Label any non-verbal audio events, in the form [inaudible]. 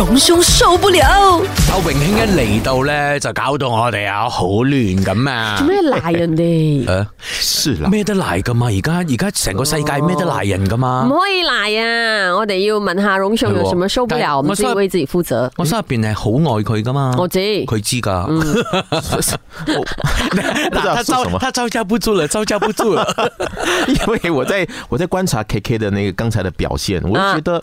榮兄受不了，周榮兄一嚟到咧就搞到我哋啊好亂咁啊！做咩賴人哋、欸？啊，咩得賴噶嘛？而家而家成個世界咩得賴人噶嘛？唔、哦、可以賴啊！我哋要問下榮兄有什麼受不了，我先但為自己負責。我心入邊係好愛佢噶嘛？我知佢知噶。哈哈哈哈哈！他招他招架不住了，招架不住了， [laughs] 因為我在我在觀察 KK 的那個剛才的表現，我就覺得。啊